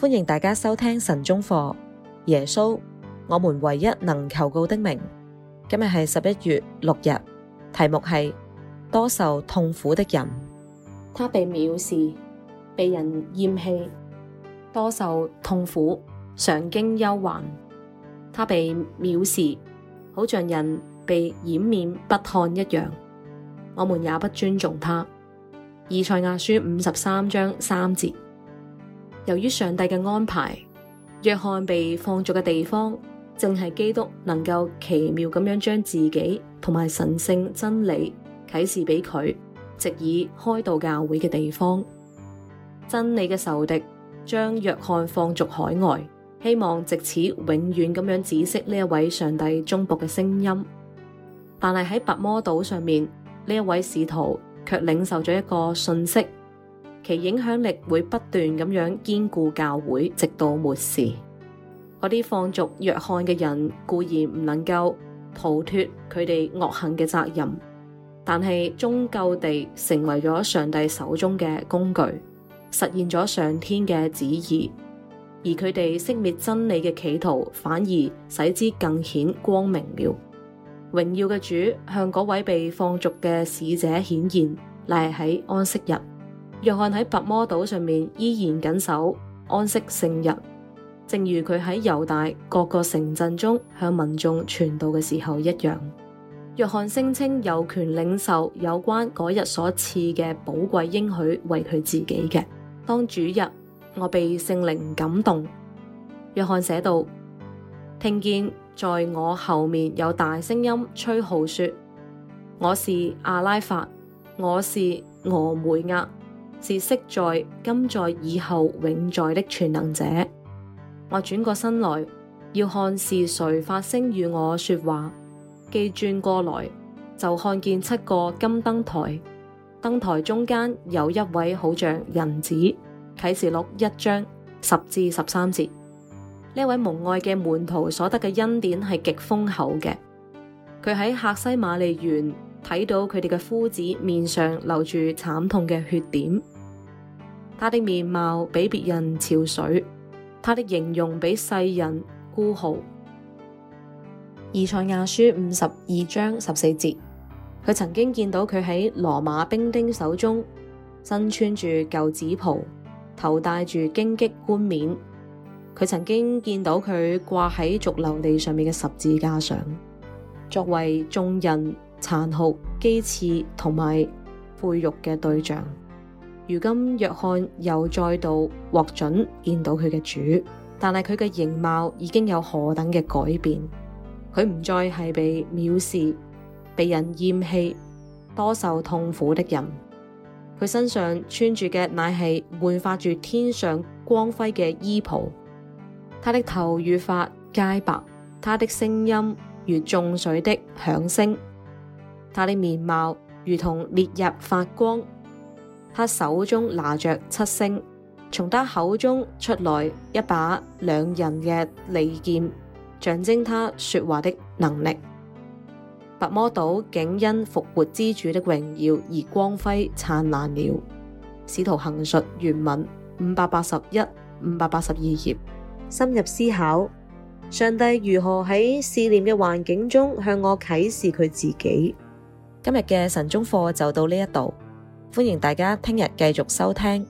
歡迎大家收聽晨鐘課，耶穌，我們唯一能求告的名。今日係十一月六日，題目係多受痛苦的人。他被藐視，被人厭棄，多受痛苦，常經憂患。他被藐視，好像人被掩面不看一樣。我們也不尊重他。以賽亞書五十三章三節。由於上帝嘅安排，約翰被放逐嘅地方，正係基督能夠奇妙咁樣將自己同埋神聖真理啟示俾佢，藉以開導教會嘅地方。真理嘅仇敵將約翰放逐海外，希望藉此永遠咁樣止息呢一位上帝忠僕嘅聲音。但係喺拔摩島上面，呢一位使徒卻領受咗一個訊息。其影響力會不斷咁樣堅固教會，直到末時。嗰啲放逐約翰嘅人固然唔能夠逃脫佢哋惡行嘅責任，但係終究地成為咗上帝手中嘅工具，實現咗上天嘅旨意。而佢哋熄滅真理嘅企圖，反而使之更顯光明了。榮耀嘅主向嗰位被放逐嘅使者顯現，乃喺安息日。約翰喺拔摩島上面依然緊守安息聖日，正如佢喺猶大各個城鎮中向民眾傳道嘅時候一樣。約翰聲稱有權領受有關嗰日所賜嘅寶貴應許，為佢自己嘅。當主日，我被聖靈感動，約翰寫道：聽見在我後面有大聲音吹號說：我是阿拉法，我是俄梅戛。是昔在、今在、以後永在的全能者。我轉過身來，要看是誰發聲與我說話。既轉過來，就看見七個金燈台，燈台中間有一位好像人子。啟示錄一章十至十三節，呢位蒙愛嘅門徒所得嘅恩典係極豐厚嘅。佢喺客西馬尼園睇到佢哋嘅夫子面上留住慘痛嘅血點。他的面貌比別人憔悴，他的形容比世人枯槁。以賽亞書五十二章十四節，佢曾經見到佢喺羅馬兵丁手中，身穿住舊紙袍，頭戴住荊棘冠冕。佢曾經見到佢掛喺髑髏地上面嘅十字架上，作為眾人殘酷譏刺同埋侮辱嘅對象。如今，約翰又再度獲准見到佢嘅主，但係佢嘅形貌已經有何等嘅改變？佢唔再係被藐視、被人厭棄、多受痛苦的人。佢身上穿住嘅乃係煥發住天上光輝嘅衣袍，他的頭與髮皆白，他的聲音如眾水的響聲，他的面貌如同烈日發光。他手中拿着七星，從他口中出來一把兩刃嘅利劍，象徵他說話的能力。白魔島竟因復活之主的榮耀而光輝燦爛了。使徒行述原文五百八十一、五百八十二頁。深入思考，上帝如何喺試煉嘅環境中向我啟示佢自己？今日嘅神宗課就到呢一度。歡迎大家聽日繼續收聽。